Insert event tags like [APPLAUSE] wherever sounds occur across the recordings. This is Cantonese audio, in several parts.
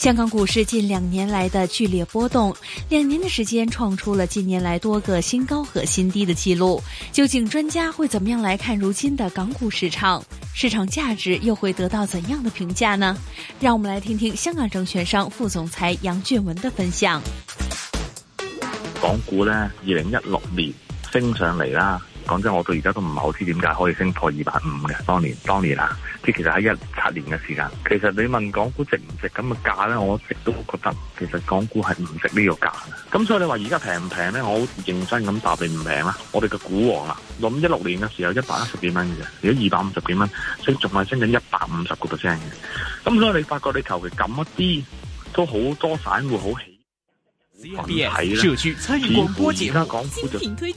香港股市近兩年來的劇烈波動，兩年的時間創出了近年來多個新高和新低的記錄。究竟專家會怎麼樣來看如今的港股市場？市場價值又會得到怎樣的評價呢？讓我們來聽聽香港證券商副總裁楊俊文的分享。港股呢，二零一六年升上嚟啦。講真，我到而家都唔係好知點解可以升破二百五嘅，當年，當年啊。即其實喺一七年嘅時間，其實你問港股值唔值咁嘅價咧，我一直都覺得其實港股係唔值呢個價嘅。咁所以你話而家平唔平咧？我認真咁答你唔平啦。我哋嘅股王啊，諗一六年嘅時候一百一十幾蚊嘅，啫，而家二百五十幾蚊，升仲係升緊一百五十個 percent 嘅。咁所以你發覺你求其咁一啲，都好多散戶好起羣體啦。只要出現個波折，新品推薦。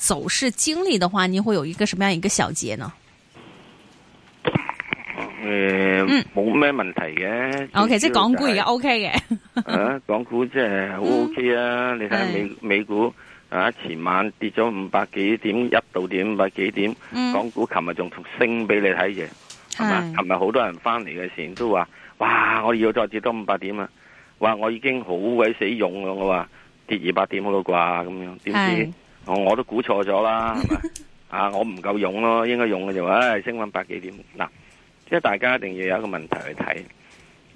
走勢經歷嘅話，你會有一個什麼樣一個小結呢？誒、呃，冇咩、嗯、問題嘅。O K，即係港股而家 O K 嘅。港股即係好 O K 啊！嗯、你睇下美是美股啊，前晚跌咗五百幾點一度點五百幾點，嗯、港股琴日仲升俾你睇嘅，係琴日好多人翻嚟嘅時都話：哇，我要再跌多五百點啊！哇，我已經好鬼死勇啊。」我話跌二百點好啦啩，咁樣點知？我都估錯咗啦，係 [LAUGHS] 啊！我唔夠用咯，應該用嘅就，唉、哎，升翻百幾點嗱？即係大家一定要有一個問題去睇，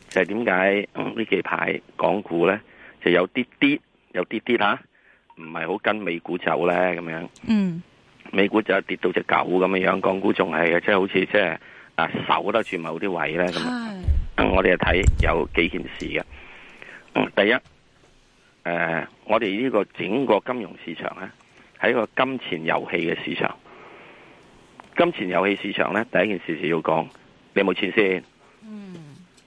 就係點解呢幾排港股咧，就有啲啲、有啲啲、啊，吓，唔係好跟美股走咧咁樣。嗯，美股就跌到隻狗咁樣。樣，港股仲係即係好似即係啊，守得住某啲位咧咁、 [LAUGHS] 嗯、我哋就睇有幾件事嘅、嗯，第一，誒、呃，我哋呢個整個金融市場咧。喺個金錢遊戲嘅市場，金錢遊戲市場咧，第一件事就要講你有冇錢先，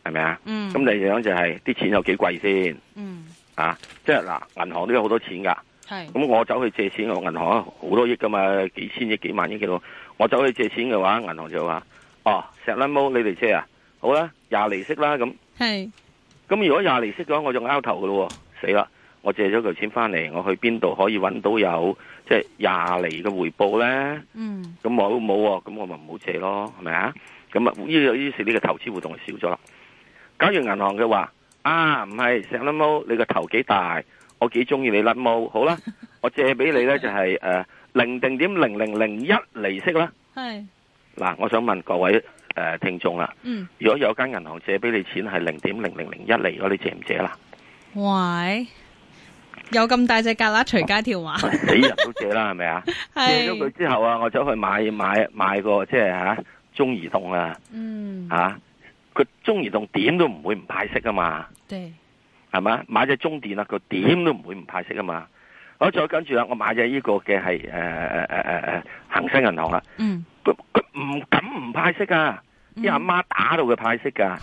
係咪啊？咁吧、嗯、你二樣就係啲錢有幾貴先，嗯、啊，即係嗱，銀行都有好多錢噶，咁是我走去借錢，我銀行好多億噶嘛，幾千億、幾萬億幾多，我走去借錢嘅話，銀行就話：哦、啊，石蘭毛，你嚟借啊？好啦，廿厘息啦，咁，咁是如果廿厘息嘅話，我就拗頭噶咯，死啦！我借咗佢錢翻嚟，我去邊度可以搵到有即係廿厘嘅回報呢？嗯，咁冇冇咁我咪唔好借咯，係咪啊？咁啊，於於是呢個投資活動就少咗啦。假如銀行嘅話啊，唔係成粒毛，你個頭幾大？我幾中意你甩毛，好啦，我借俾你呢就係誒零定點零零零一利息啦。係嗱，我想問各位誒聽眾啦，嗯，如果有間銀行借俾你錢係零點零零零一厘，我你借唔借啦？喂。有咁大隻蛤乸隨街跳馬，死人都借啦，係咪啊？借咗佢之後啊，我走去買買買個即係吓中移動啊，嗯，啊，佢中移動點都唔會唔派息㗎嘛，係係嘛？買隻中電啦，佢點都唔會唔派息㗎嘛。我再跟住啦，我買咗呢個嘅係誒誒誒誒誒恒生銀行啊。嗯，佢佢唔敢唔派息啊，啲阿媽打到佢派息噶，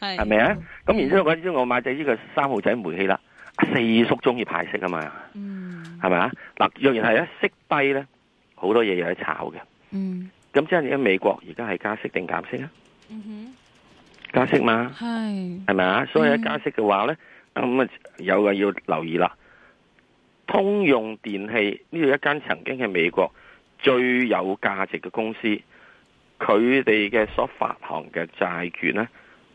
係，係咪啊？咁然之後嗰陣時我買隻呢個三號仔煤氣啦。四叔中意派息啊嘛，係咪啊？嗱，若然係一息低咧，好多嘢有得炒嘅。咁、嗯、即係而家美國而家係加息定減息啊？嗯、哼加息嘛，係係咪啊？所以一加息嘅話咧，咁啊、嗯、哼有嘅要留意啦。通用電器呢度，一間曾經係美國最有價值嘅公司，佢哋嘅所發行嘅債券咧，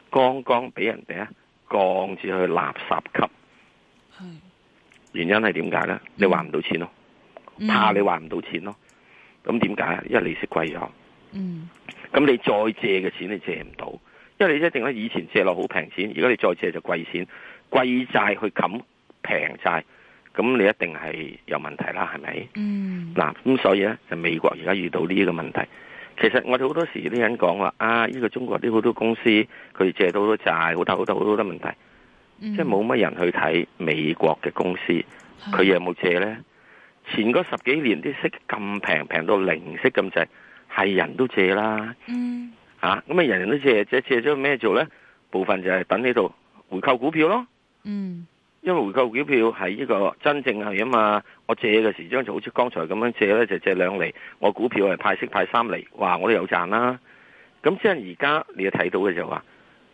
剛剛俾人哋啊降至去垃圾級。原因係點解咧？你還唔到錢咯，怕你還唔到錢咯。咁點解？因為利息貴咗。嗯。咁你再借嘅錢，你借唔到，因為你一定咧以前借落好平錢，而家你再借就貴錢，貴債去冚平債，咁你一定係有問題啦，係咪？嗯。嗱，咁所以咧，就美國而家遇到呢一個問題。其實我哋好多時啲人講話啊，呢個中國啲好多公司佢借到好多債，好多好大好多問題。即係冇乜人去睇美國嘅公司，佢、mm. 有冇借咧？前嗰十幾年啲息咁平，平到零息咁滯，係人都借啦。嗯，吓咁啊，人人都借，借借咗咩做咧？部分就係等呢度回購股票咯。嗯，mm. 因為回購股票係呢個真正係啊嘛。我借嘅時陣，就好似剛才咁樣借咧，就借兩厘，我股票係派息派三厘，哇，我都有賺啦。咁即係而家你要睇到嘅就話，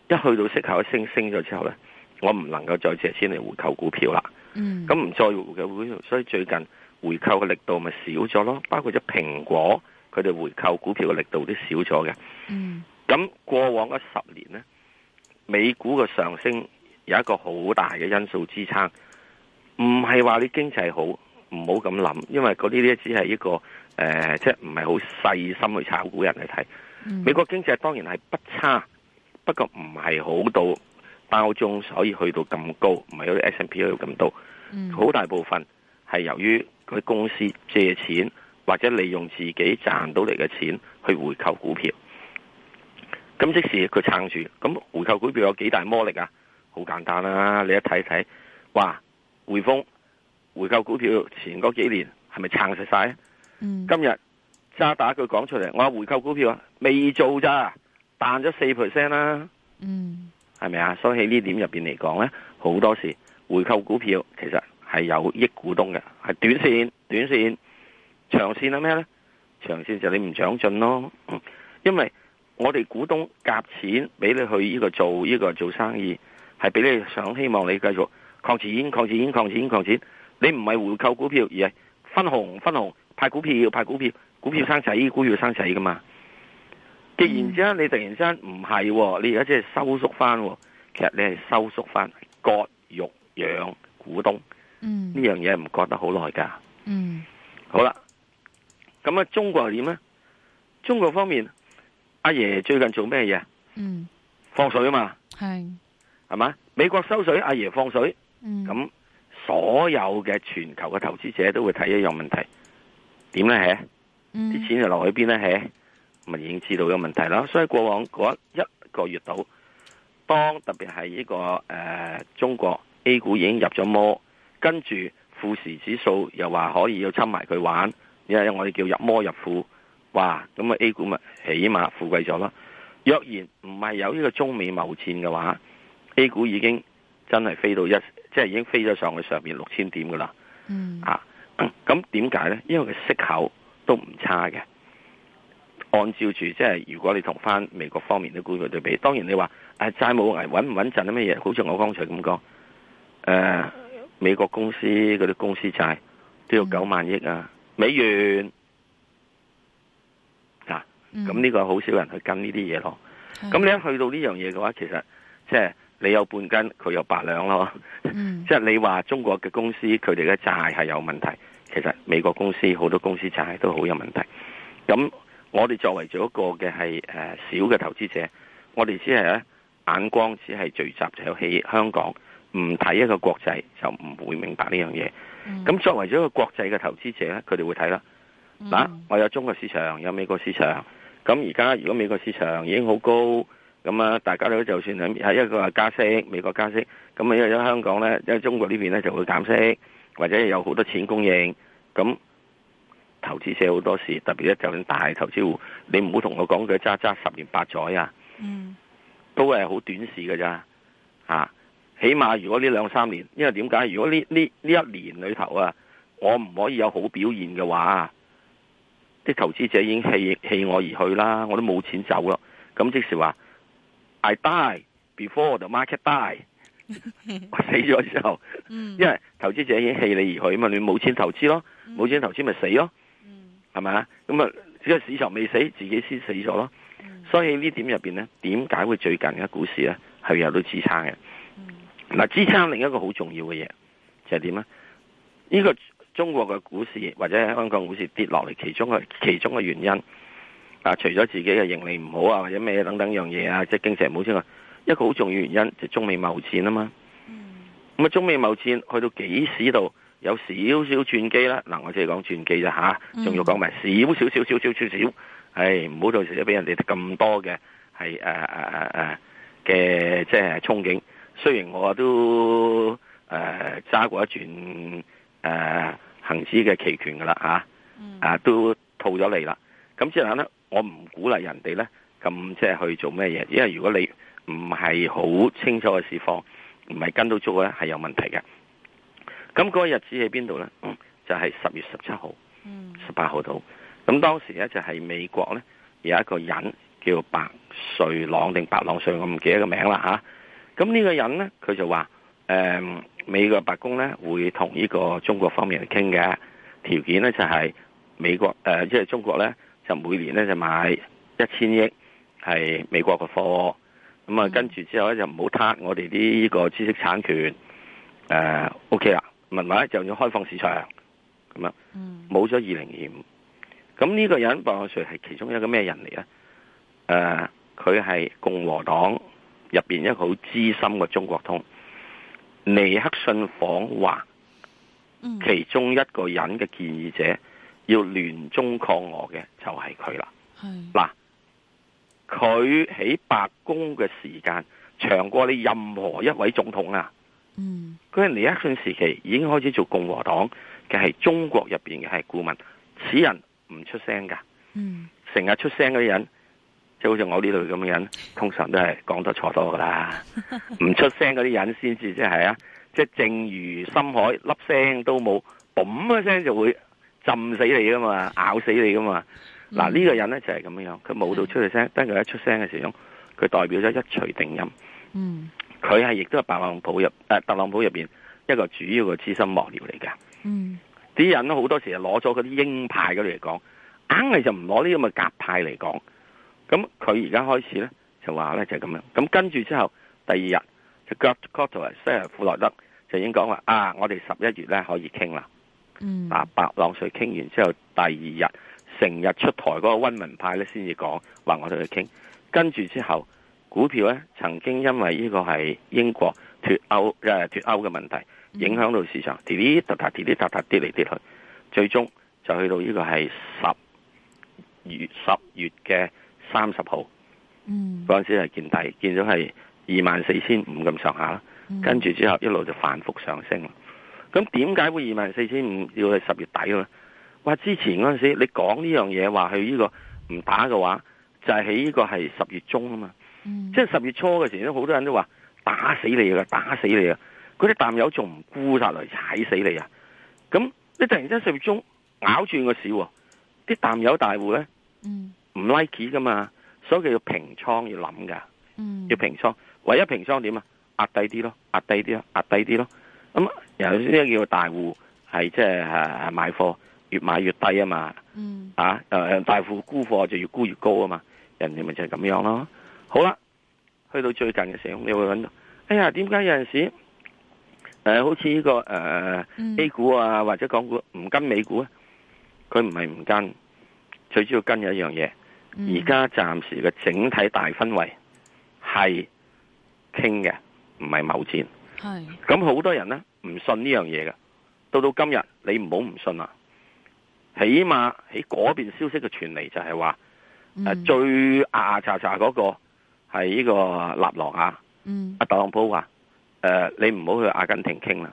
一去到息口一升升咗之後咧。我唔能夠再借錢嚟回購股票啦。嗯，咁唔再回購股票，所以最近回購嘅力度咪少咗咯。包括咗蘋果，佢哋回購股票嘅力度都少咗嘅。嗯，咁過往嗰十年呢，美股嘅上升有一個好大嘅因素支撐，唔係話你經濟好，唔好咁諗，因為嗰啲呢只係一個誒，即係唔係好細心去炒股人嚟睇。美國經濟當然係不差，不過唔係好到。包中所以去到咁高，唔係嗰啲 S&P 去到咁高。好，嗯，大部分係由於佢公司借錢或者利用自己賺到嚟嘅錢去回購股票。咁即時佢撐住，咁回購股票有幾大魔力啊？好簡單啦，啊，你一睇睇，哇，匯豐回購股票前嗰幾年係咪撐實晒？嗯，今日渣打佢講出嚟，我話回購股票啊，未做咋，彈咗四 percent 啦。係咪啊？所以喺呢點入邊嚟講咧，好多時回購股票其實係有益股東嘅，係短線、短線、長線係咩咧？長線就係你唔長進咯，因為我哋股東夾錢俾你去呢個做呢、呢個做生意，係俾你想希望你繼續擴錢、擴錢、擴錢、擴錢。你唔係回購股票，而係分紅、分紅派股票、派股票，股票生仔，股票生仔噶嘛？既然之間，你突然之間唔係，你而家即係收縮翻。其實你係收縮翻，割肉養股東呢樣嘢唔割得好耐噶。嗯，嗯，好啦，咁啊，中國又點咧？中國方面，阿爺最近做咩嘢？嗯，放水啊嘛。係、嗯，係嘛吧？美國收水，阿爺放水。咁、嗯、所有嘅全球嘅投資者都會睇一樣問題，點咧？起、嗯？啲錢就落去邊咧？起？咪已經知道咗問題啦，所以過往嗰一個月度，當特別係呢個誒、呃、中國 A 股已經入咗摩，跟住富時指數又話可以要侵埋佢玩，因為我哋叫入摩入富，哇，咁啊 A 股咪起碼富貴咗啦。若然唔係有呢個中美貿易戰嘅話，A 股已經真係飛到一，即係已經飛咗上去上面六千點㗎喇。嗯，啊，咁點解咧？因為佢息口都唔差嘅。按照住即係，如果你同翻美國方面啲股票對比，當然你話誒、啊、債務危穩唔穩陣啊？乜嘢？好似我剛才咁講誒，美國公司嗰啲公司債都要九萬億啊、嗯、美元，嗱，咁呢個好少人去跟呢啲嘢咯。咁、嗯、你一去到呢樣嘢嘅話，其實即係、就是、你有半斤，佢有八兩咯。即係、嗯、你話中國嘅公司佢哋嘅債係有問題，其實美國公司好多公司債都好有問題。咁我哋作為咗一個嘅係誒小嘅投資者，我哋只係咧眼光只係聚集就喺香港，唔睇一個國際就唔會明白呢樣嘢。咁作為咗一個國際嘅投資者咧，佢哋會睇啦。嗱，我有中國市場，有美國市場。咁而家如果美國市場已經好高，咁啊，大家都就算係係一個加息，美國加息，咁啊，因為香港咧，因為中國呢邊咧就會減息，或者有好多錢供應，咁。投資者好多事，特別一就算大投資戶，你唔好同我講佢揸揸十年八載啊，嗯，mm. 都係好短視㗎咋，啊，起碼如果呢兩三年，因為點解？如果呢呢呢一年裏頭啊，我唔可以有好表現嘅話，啲投資者已經棄棄我而去啦，我都冇錢走咯。咁即是話，I die before the market die， [LAUGHS] 我死咗之後，mm. 因為投資者已經棄你而去啊嘛，你冇錢投資咯，冇錢投資咪、mm. 死咯。係嘛？咁啊，只係市場未死，自己先死咗咯。所以這點裡面呢，點入邊咧，點解會最近嘅股市咧係有到支撐嘅？嗱，支撐另一個好重要嘅嘢就係點咧？呢、呢個中國嘅股市或者香港股市跌落嚟，其中嘅其中嘅原因啊，除咗自己嘅盈利唔好啊，或者咩等等樣嘢啊，即係經濟唔好之外，一個好重要的原因，就係、中美貿戰啊嘛。咁啊，中美貿戰去到幾時度？有少少轉機啦，嗱，我只係講轉機咋下，仲要講埋少，少少少少少少，誒，唔好到時俾人哋咁多嘅係誒嘅即係憧憬。雖然我都誒揸、啊、過一轉誒恆指嘅期權噶啦吓，啊，啊，啊都套咗嚟啦。咁之後咧，我唔鼓勵人哋咧咁即係去做咩嘢，因為如果你唔係好清楚嘅市況，唔係跟到足咧，係有問題嘅。咁嗰個日子喺邊度呢？嗯，就係十月十七號、十八號到。咁當時呢，就係、是、美國呢有一個人叫白瑞朗定白朗瑞，我唔記得個名啦吓。咁呢個人呢，佢就話：誒、嗯、美國白宮呢會同呢個中國方面嚟傾嘅條件呢，就係、是、美國誒即係中國呢，就每年呢就買一千億係美國嘅貨。咁、嗯、啊、嗯、跟住之後呢，就唔好撻我哋啲呢個知識產權。誒 O K 啦。OK 文化就要開放市場，咁冇咗二零二五，咁呢個人白邦瑞係其中一個咩人嚟咧？誒、呃，佢係共和黨入邊一個好資深嘅中國通，尼克遜訪華，其中一個人嘅建議者要聯中抗俄嘅就係佢啦。係嗱是，佢喺白宮嘅時間長過你任何一位總統啦、啊。嗯，佢喺尼克遜時期已經開始做共和黨嘅係中國入邊嘅係顧問，此人唔出聲噶，嗯，成日出聲嗰啲人，就好似我呢度咁嘅人，通常都係講得錯多噶啦，唔 [LAUGHS] 出聲嗰啲人先至即係啊，即係正如深海，粒聲的都冇，嘣一聲就會浸死你噶嘛，咬死你噶嘛，嗱呢、嗯這個人咧就係咁樣樣，佢冇到出嚟聲，的但佢一出聲嘅時候，佢代表咗一錘定音，嗯。佢係亦都係特朗普入，啊特朗普入邊一個主要嘅資深幕僚嚟㗎。嗯，啲人都好多時就攞咗嗰啲鷹派嗰啲嚟講，硬係就唔攞呢咁嘅鴿派嚟講。咁佢而家開始咧就話咧就係咁樣。咁跟住之後第二日就 Gupta Carter 即萊德就已經講話啊，我哋十一月咧可以傾啦。嗯，啊白朗瑞傾完之後第二日成日出台嗰個溫文派咧先至講話我哋去傾，跟住之後。股票咧，曾經因為呢個係英國脱歐誒脱、啊、歐嘅問題，影響到市場，跌跌突突，跌跌突突跌嚟跌去，最終就去到呢個係十月十月嘅三十號。嗯，嗰陣時係見底，見咗係二萬四千五咁上下啦。跟住、嗯、之後一路就反覆上升啦。咁點解會二萬四千五要去十月底咧？哇！之前嗰陣時你講呢樣嘢話去呢個唔打嘅話，就係喺呢個係十月中啊嘛。嗯、即係十月初嘅時咧，好多人都話打死你啊，打死你啊！嗰啲淡友仲唔沽晒嚟踩死你啊！咁你突然之間十月中咬住個市，啲淡友大戶咧唔 like 噶嘛，所以佢要、嗯、要平倉要諗噶，要平倉。唯一平倉點，壓點，壓點、嗯是就是、啊？壓低啲咯，壓低啲咯，壓低啲咯。咁有啲叫大戶係即係買貨，越買越低嘛、嗯、啊嘛。啊，大戶沽貨就越沽越高啊嘛。人哋咪就係咁樣咯。好啦，去到最近嘅時候，你會搵到，哎呀，點解有陣時候，誒、呃，好似呢、這個誒、呃嗯、A 股啊或者港股唔跟美股咧、啊？佢唔係唔跟，最主要跟有一樣嘢。而家暫時嘅整體大氛圍係傾嘅，唔係某戰。係是。咁好多人咧唔信呢樣嘢嘅，到到今日你唔好唔信啊！起碼喺嗰邊消息嘅傳嚟就係話，誒、呃嗯、最牙牙查查嗰個。係呢個立浪啊！阿特朗普話，誒，你唔好去阿根廷傾啦。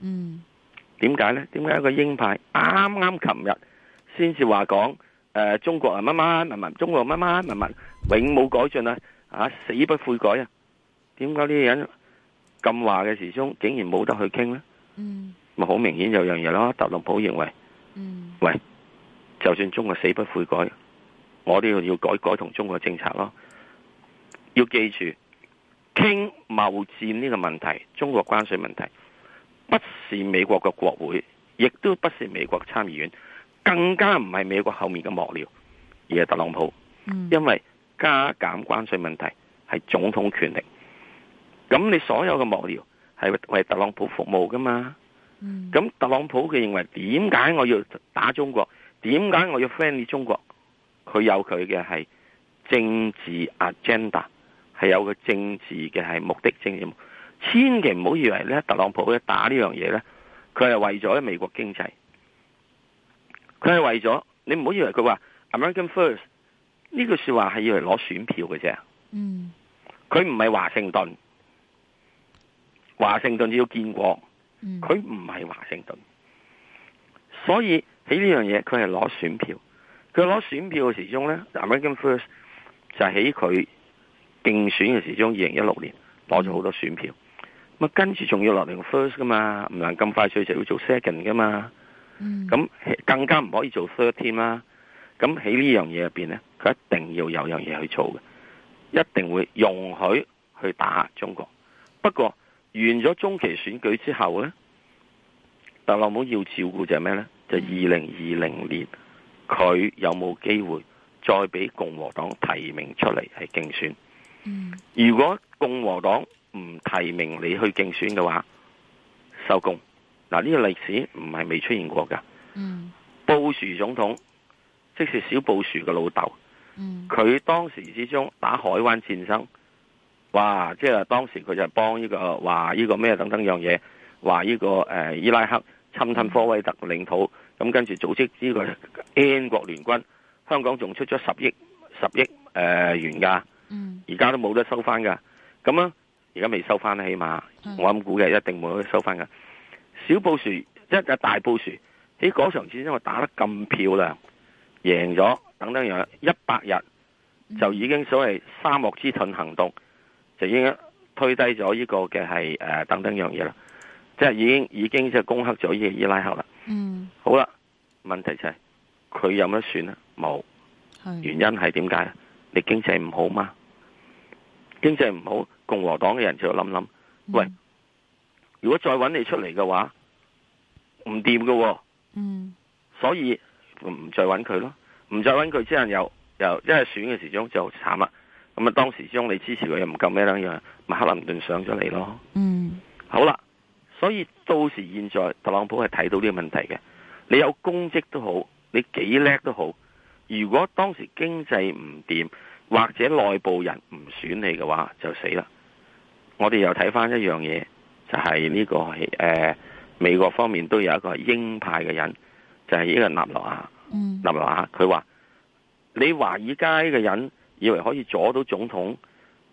嗯。點解咧？點解一個鷹派啱啱琴日先至話講，誒，中國啊，慢慢文文，中國啊，慢慢文文，永冇改進啊，啊，死不悔改啊！點解呢個人咁話嘅時鐘竟然冇得去傾咧？嗯。咪好明顯有樣嘢咯，特朗普認為，嗯，喂，就算中國死不悔改，我都要改改同中國政策咯。要記住，傾貿戰呢個問題，中國關稅問題，不是美國嘅國會，亦都不是美國參議院，更加唔係美國後面嘅幕僚，而係特朗普。嗯、因為加減關稅問題係總統權力，咁你所有嘅幕僚係為特朗普服務噶嘛？咁、嗯、特朗普佢認為點解我要打中國？點解我要 friendly 中國？佢有佢嘅係政治 agenda。係有個政治嘅係目的政治的目的，千祈唔好以為咧，特朗普咧打這呢樣嘢咧，佢係為咗美國經濟，佢係為咗你唔好以為佢話 American First 呢句說話係要嚟攞選票嘅啫。嗯，佢唔係華盛頓，華盛頓你要見過，佢唔係華盛頓，所以喺呢樣嘢佢係攞選票，佢攞選票嘅時中咧 American First 就係喺佢。競選嘅時鐘，二零一六年攞咗好多選票，咁跟住仲要落嚟 first 噶嘛，唔能咁快衰就要做 second 噶嘛，咁、mm. 更加唔可以做 third 添啦。咁喺呢樣嘢入邊咧，佢一定要有樣嘢去做嘅，一定會容許去打中國。不過完咗中期選舉之後咧，特朗普要照顧就係咩咧？就二零二零年佢、mm. 有冇機會再俾共和黨提名出嚟係競選？嗯、如果共和黨唔提名你去競選嘅話，收工。嗱、啊，呢、這個歷史唔係未出現過噶。嗯、布殊總統，即是小布殊嘅老豆。佢、嗯、當時始終打海灣戰爭，話即係當時佢就幫呢、這個話呢、這個咩等等樣嘢，話呢、這個誒、呃、伊拉克侵吞科威特嘅領土，咁跟住組織呢個 N 國聯軍，香港仲出咗十億十億誒元噶。而家、嗯、都冇得收翻噶，咁啊，而家未收翻起碼的我咁估嘅，一定冇得收翻噶。小布殊即係大布殊，喺嗰場戰因為打得咁漂亮，贏咗等等樣，一百日就已經所謂沙漠之盾行動就已經推低咗呢個嘅係誒等等樣嘢啦，即、就、係、是、已經已經即係攻克咗呢個伊拉克啦。嗯，好啦，問題就係、是、佢有乜算咧？冇，的原因係點解？你經濟唔好嘛？經濟唔好，共和黨嘅人就諗諗，嗯、喂，如果再搵你出嚟嘅話，唔掂噶。嗯，所以唔再搵佢咯，唔再搵佢之後又又一係選嘅時候就慘啦。咁啊，當時將你支持佢又唔夠咩等樣，咪克林頓上咗嚟咯。嗯，好啦，所以到時現在特朗普係睇到呢個問題嘅，你有功績都好，你幾叻都好。如果當時經濟唔掂，或者內部人唔選你嘅話，就死啦。我哋又睇翻一樣嘢，就係、是、呢、這個係誒、呃、美國方面都有一個係鷹派嘅人，就係、是、呢個納羅亞。嗯、納羅亞佢話：你華爾街嘅人以為可以阻到總統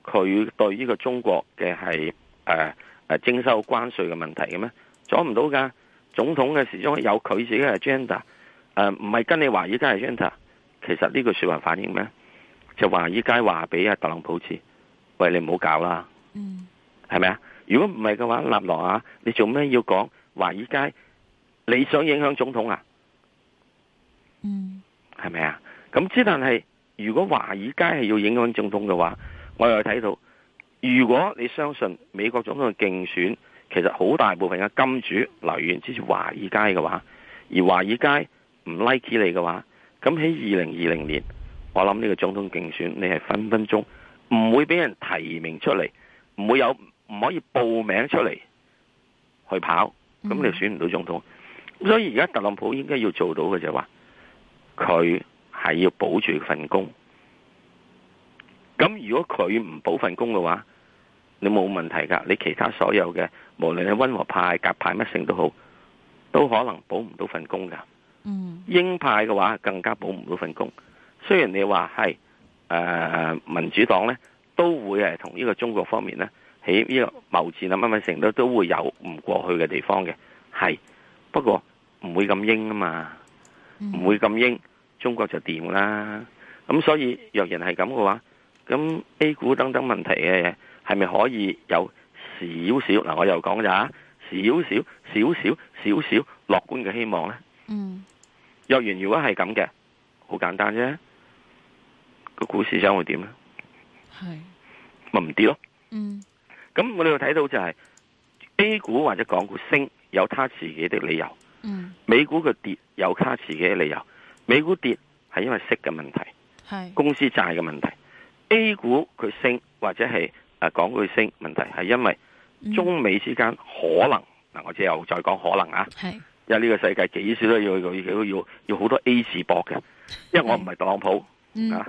佢對呢個中國嘅係誒誒徵收關稅嘅問題嘅咩？阻唔到噶。總統嘅時裝有佢自己嘅 agenda，誒、呃、唔係跟你華爾街嘅 agenda。其實呢句說話反映咩？就華爾街話俾阿特朗普知，喂，你唔好搞啦，係咪啊？如果唔係嘅話，立羅啊，你做咩要講華爾街？你想影響總統啊？嗯，係咪啊？咁之但係，如果華爾街係要影響總統嘅話，我又睇到，如果你相信美國總統嘅競選，其實好大部分嘅金主來源支持華爾街嘅話，而華爾街唔 like 你嘅話。咁喺二零二零年，我諗呢個總統競選你係分分鐘唔會俾人提名出嚟，唔會有唔可以報名出嚟去跑，咁你選唔到總統。所以而家特朗普應該要做到嘅就係話，佢係要保住份工。咁如果佢唔保份工嘅話，你冇問題噶，你其他所有嘅，無論係溫和派、甲派乜性都好，都可能保唔到份工噶。鷹派嘅話更加保唔到份工，雖然你話係誒民主黨咧都會係同呢個中國方面咧喺呢個貿易戰啊乜乜成都都會有唔過去嘅地方嘅，係不過唔會咁鷹啊嘛，唔會咁鷹，中國就掂啦。咁所以若然係咁嘅話，咁 A 股等等問題嘅嘢係咪可以有少少？嗱，我又講咋，少少少少少少樂觀嘅希望咧，嗯。若然如果係咁嘅，好簡單啫。個股市將會點咧？係咪唔跌咯？嗯。咁我哋又睇到就係 A 股或者港股升有它自己的理由。嗯。美股佢跌有它自己嘅理由。美股跌係因為息嘅問題。係。公司債嘅問題。A 股佢升或者係港股佢升問題係因為中美之間可能嗱，嗯、我之後再講可能啊。係。因為呢個世界幾少都要要要要好多 A 字膊嘅，因為我唔係特朗普啊，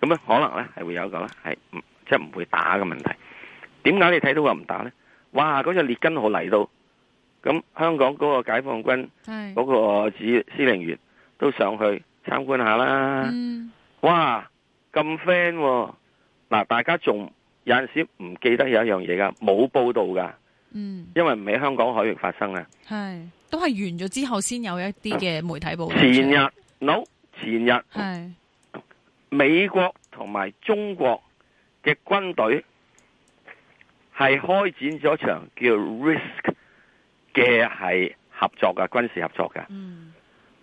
咁樣可能咧係會有一個咧係，即係唔會打嘅問題。點解你睇到我唔打咧？哇！嗰隻列根號嚟到，咁香港嗰個解放軍嗰個指司令員都上去參觀下啦。哇！咁 friend 嗱，大家仲有陣時唔記得有一樣嘢噶，冇報道噶，因為唔係香港海域發生啊。都係完咗之後，先有一啲嘅媒體報道。前日，no，前日係美國同埋中國嘅軍隊係開展咗一場叫 Risk 嘅係合作嘅軍事合作嘅，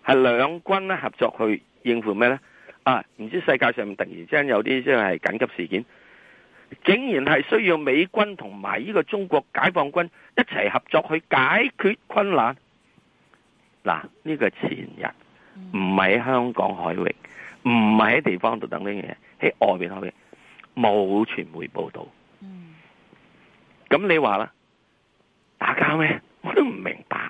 係兩軍咧合作去應付咩呢？啊，唔知世界上面突然之間有啲即係緊急事件，竟然係需要美軍同埋呢個中國解放軍一齊合作去解決困難。嗱，呢個前日唔係喺香港海域，唔係喺地方度等呢樣嘢，喺外邊海域冇傳媒報道。咁、嗯、你話啦，打交咩？我都唔明白。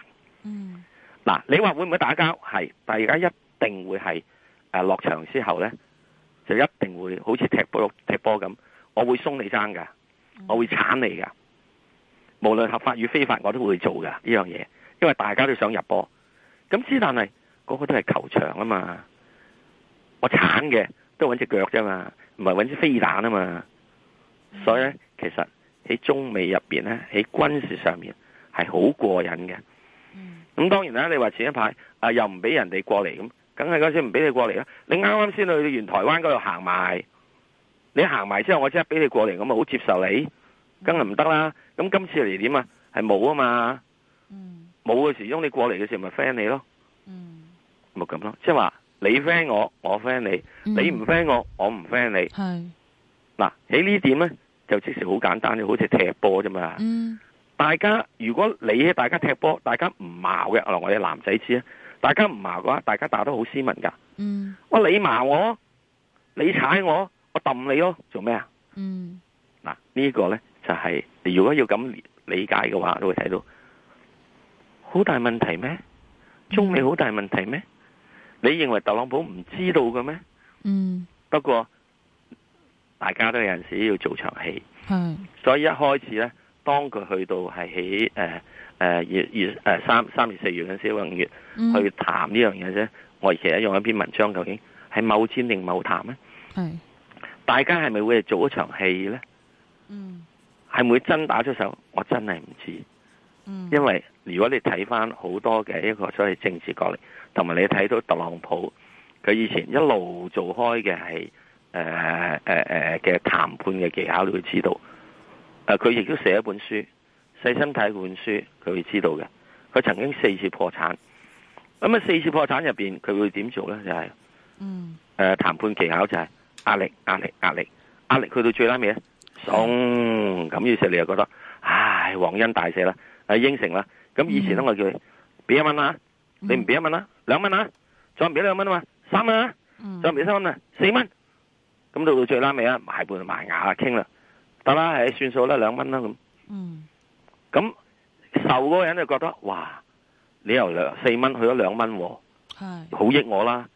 嗱、嗯，你話會唔會打交？係，大家一定會係誒落場之後咧，就一定會好似踢波踢波咁，我會鬆你爭噶，我會鏟你噶，嗯、無論合法與非法，我都會做噶呢樣嘢，因為大家都想入波。咁之但係嗰個都係球場啊嘛，我鏟嘅都搵隻腳啫嘛，唔係搵隻飛彈啊嘛，所以咧其實喺中美入邊咧喺軍事上面係好過癮嘅。咁、嗯、當然啦，你話前一排啊又唔俾人哋過嚟咁，梗係嗰陣時唔俾你過嚟啦。你啱啱先去完台灣嗰度行埋，你行埋之後我即刻俾你過嚟，咁咪好接受你，梗係唔得啦。咁今次嚟點啊？係冇啊嘛。嗯冇嘅時鐘，你過嚟嘅時候咪 friend 你咯，咪咁、嗯、咯，即係話你 friend 我，我 friend 你，嗯、你唔 friend 我，我唔 friend 你。係嗱喺呢點咧，就即時好簡單，好似踢波啫嘛。大家如果你大家踢波，大家唔矛嘅，我話我哋男仔知啊，大家唔矛嘅話，大家打得好斯文噶。我、嗯哦、你鬧我，你踩我，我揼你咯，做咩啊？嗱、嗯、這個、呢個咧就係、是、你如果要咁理解嘅話，都會睇到。好大問題咩？中美好大問題咩？嗯、你認為特朗普唔知道嘅咩？嗯。不過大家都有陣時要做場戲，嗯是所以一開始咧，當佢去到係喺誒三三月四月嗰啲五月、嗯、去談呢樣嘢啫，我而家用一篇文章究竟係貿戰定貿談咧？係是。大家係咪會係做一場戲咧？嗯。係唔會真打出手？我真係唔知。嗯。因為。如果你睇翻好多嘅一個所謂政治角力，同埋你睇到特朗普佢以前一路做開嘅係誒誒嘅談判嘅技巧，你會知道。誒，佢亦都寫一本書，細心睇本書，佢會知道嘅。佢曾經四次破產，咁啊四次破產入面，佢會點做咧？就係、是，嗯、呃，誒談判技巧就係壓力、壓力、壓力、壓力，去到最拉尾咧，鬆。咁於是你又覺得，唉，黃恩大寫啦，應承啦。咁以前咧，我叫佢俾一蚊啦，你唔俾一蚊啦，兩蚊啦，再唔俾兩蚊啊嘛，三蚊啦，再唔俾三蚊啊，四蚊，咁到到最啦尾啊，埋半埋牙傾啦，得啦，唉算數啦，兩蚊啦咁。嗯。咁受嗰個人就覺得哇，你由兩四蚊去咗兩蚊，係好益我啦。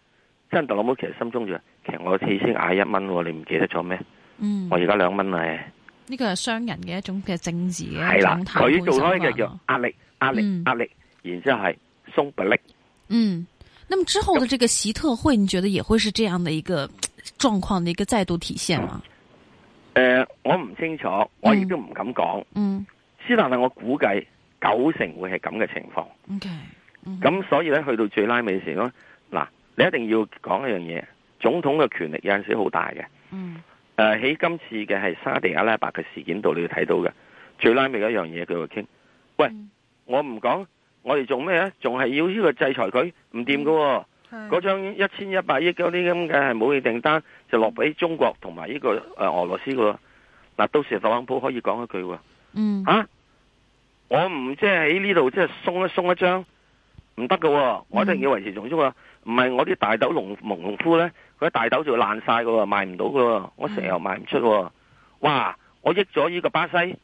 真係老母其實心中住，其實我起先嗌一蚊，你唔記得咗咩？嗯。我而家兩蚊係。呢個係商人嘅一種嘅政治嘅一種態。係啦，佢做咗一樣壓力。壓力壓力，然之後係鬆不力。嗯，嗯，那麼之後的這個習特會，你覺得也會是這樣的一個狀況的一個再度體現嗎？誒、嗯嗯嗯、呃，我唔清楚，我亦都唔敢講、嗯。嗯。但係我估計九成會係咁嘅情況。OK、嗯。咁、okay, 嗯、所以咧，去到最拉尾時咯，嗱，你一定要講一樣嘢，總統嘅權力有陣時好大嘅。嗯。誒、呃，喺今次嘅係沙地阿拉伯嘅事件度，你要睇到嘅最拉尾一樣嘢，佢會傾，喂。嗯我唔講，我哋做咩啊？仲係要呢個制裁佢，唔掂噶。嗰張一千一百億嗰啲咁嘅係武器訂單，就落俾中國同埋呢個誒、呃、俄羅斯噶。嗱，到時特朗普可以講一句，嗯，啊，我唔即係喺呢度即係鬆一鬆一張，唔得噶，我、就是就是、鬆一定要維持重中之重。唔係我啲大豆農農農夫咧，佢啲大豆就爛晒噶，賣唔到噶，我成日賣唔出。嗯、哇，我益咗呢個巴西。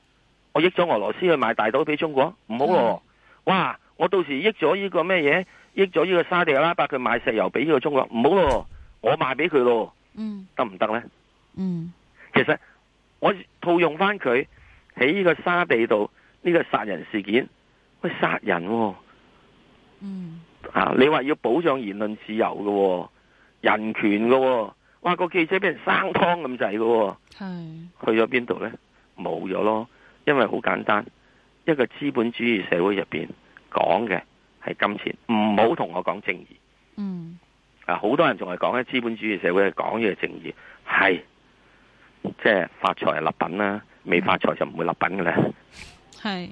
我益咗俄羅斯去買大豆俾中國，唔好咯！嗯、哇！我到時益咗呢個咩嘢？益咗呢個沙地阿拉伯，把佢買石油俾呢個中國，唔好咯！我賣俾佢咯，嗯，得唔得咧？嗯，其實我套用翻佢喺呢個沙地度呢、這個殺人事件，喂殺人、哦，嗯啊！你話要保障言論自由嘅、哦，人權嘅、哦，哇！個記者俾人生湯咁滯嘅，係是去咗邊度咧？冇咗咯。因為好簡單，一個資本主義社會入邊講嘅係金錢，唔好同我講正義。嗯。啊，好多人仲係講咧，資本主義社會係講嘢正義，係即係發財係立品啦，未發財就唔會立品嘅咧。係、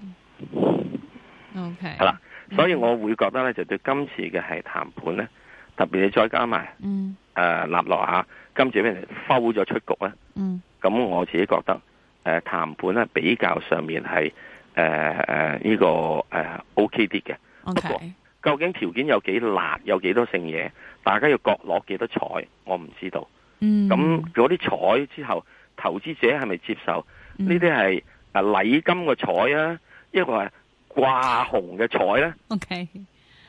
嗯。O K。係啦，所以我會覺得咧，就對今次嘅係談判咧，特別你再加埋，誒、嗯，立、呃、落下，今次俾人收咗出局咧？嗯。咁我自己覺得。誒，談判咧比較上面係，誒誒呢個誒、呃、OK 啲嘅，Okay. 不過究竟條件有幾辣，有幾多性嘢，大家要各攞幾多彩，我唔知道。嗯、mm.，咁嗰啲彩之後，投資者係咪接受？呢啲係啊禮金嘅彩啊，一個係掛紅嘅彩咧。Okay.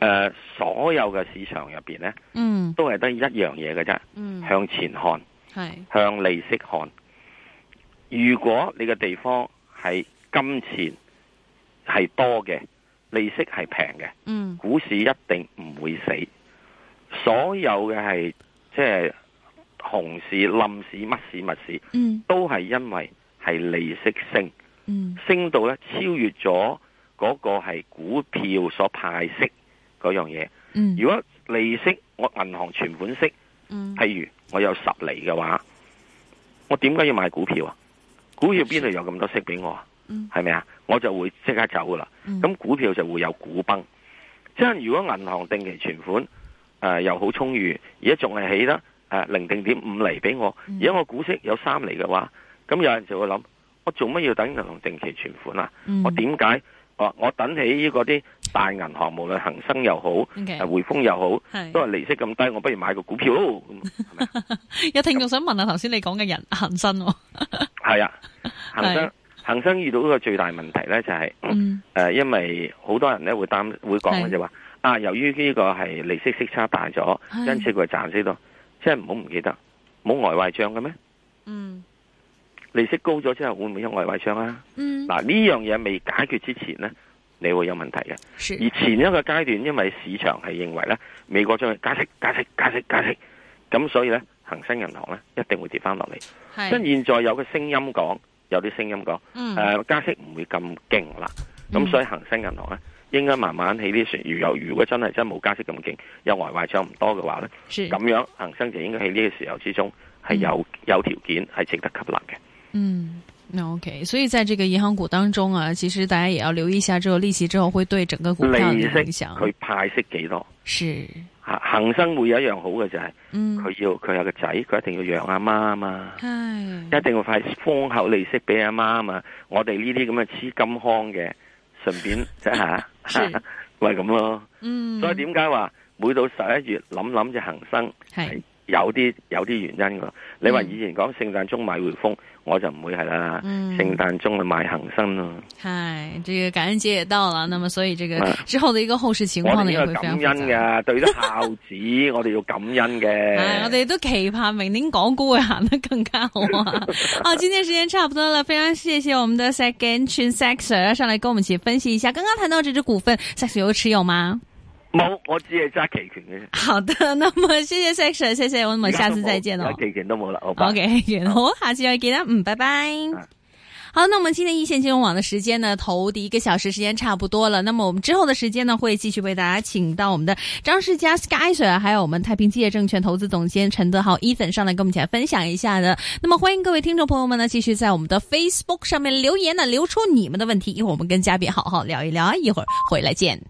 誒、呃，所有嘅市場入邊呢，嗯，都係得一樣嘢嘅啫，嗯，向前看，係是向利息看。如果你嘅地方係金錢係多嘅，利息係平嘅，嗯，股市一定唔會死。所有嘅係即係熊市、冧市、乜市、乜市，嗯，都係因為係利息升，嗯，升到呢超越咗嗰個係股票所派息。樣嘢，如果利息我銀行存款息，嗯、譬如我有十厘嘅話，我點解要買股票啊？股票邊度有咁多息俾我啊？係咪啊？我就會即刻走噶啦。咁、嗯、股票就會有股崩。即、就、係、係、如果銀行定期存款誒、呃、又好充裕，而家仲係起得誒零定點五厘俾我，而家我股息有三厘嘅話，咁有人就會諗：我做乜要等銀行定期存款啊？嗯、我點解我我等起嗰啲？大銀行無論恒生又好，匯豐又好，是都係利息咁低，我不如買個股票咯。有 [LAUGHS] 聽眾想問下頭先你講嘅人恒生，係 [LAUGHS] 啊，恒生恒是生遇到呢個最大問題咧、就是，就係誒，因為好多人咧會擔會講嘅就話，是啊，由於呢個係利息，息息差大咗，唉因此佢賺得多，即係唔好唔記得，冇外壞賬嘅咩？嗯，利息高咗之後會唔會有外壞賬啊？嗱呢、嗯啊、樣嘢未解決之前咧。你會有問題嘅，是而前一個階段，是因為市場係認為咧，美國將會加息、加息、加息、加息，咁所以咧，恒生銀行咧一定會跌翻落嚟。然是現在有個聲音講，有啲聲音講，誒、嗯呃、加息唔會咁勁啦，咁、嗯、所以恒生銀行咧應該慢慢起啲船。如又如果真係真係冇加息咁勁，又外壞賬唔多嘅話咧，咁是樣恒生就應該喺呢個時候之中係有、嗯、有條件係值得吸納嘅。嗯。O、okay, K，所以在這個銀行股當中啊，其實大家也要留意一下，之、這、後、個、利息之後會對整個股票嘅影響。佢派息幾多？是吓恒生會有一樣好嘅就係，佢、嗯、要佢有個仔，佢一定要養阿媽啊嘛，係唉一定要派豐厚利息俾阿媽啊嘛。我哋呢啲咁嘅黐金康嘅，順便即係，係喂咁咯。嗯，所以點解話每到十一月諗諗就恒生係。有啲有啲原因噶，你話以前講聖誕鐘買匯豐，嗯、我就唔會係啦。聖誕鐘去買恒生咯。係、哎，這個感恩節也到了，那麼所以這個之後的一個後市情況也會非常。我哋 [LAUGHS] 要感恩嘅，對啲孝子，我哋要感恩嘅。我哋都期盼明年港股會行得更加好啊！好、 [LAUGHS] 哦，今天時間差唔多啦，非常謝謝我們的 Second chain Sexer 上嚟，跟我們一起分析一下，剛剛談到這隻股份，Sex 有持有嗎？冇，我只係揸期權好的，那麼謝謝 s e x o n 謝謝，我們下次再見咯。期都冇 o K，好，okay, 好下次再見啦，嗯，拜拜。啊、好，那我們今天一線金融網的時間呢，頭第一個小時時間差不多了。那麼我們之後的時間呢，會繼續為大家請到我們的張世家 Skyer，s 還有我們太平企業證券投資總監陳德豪 Ethan 上來跟我們一起來分享一下的。那麼歡迎各位聽眾朋友們呢，繼續在我們的 Facebook 上面留言呢，呢留出你們的問題，一會我們跟嘉賓好好聊一聊，啊，一會兒回來見。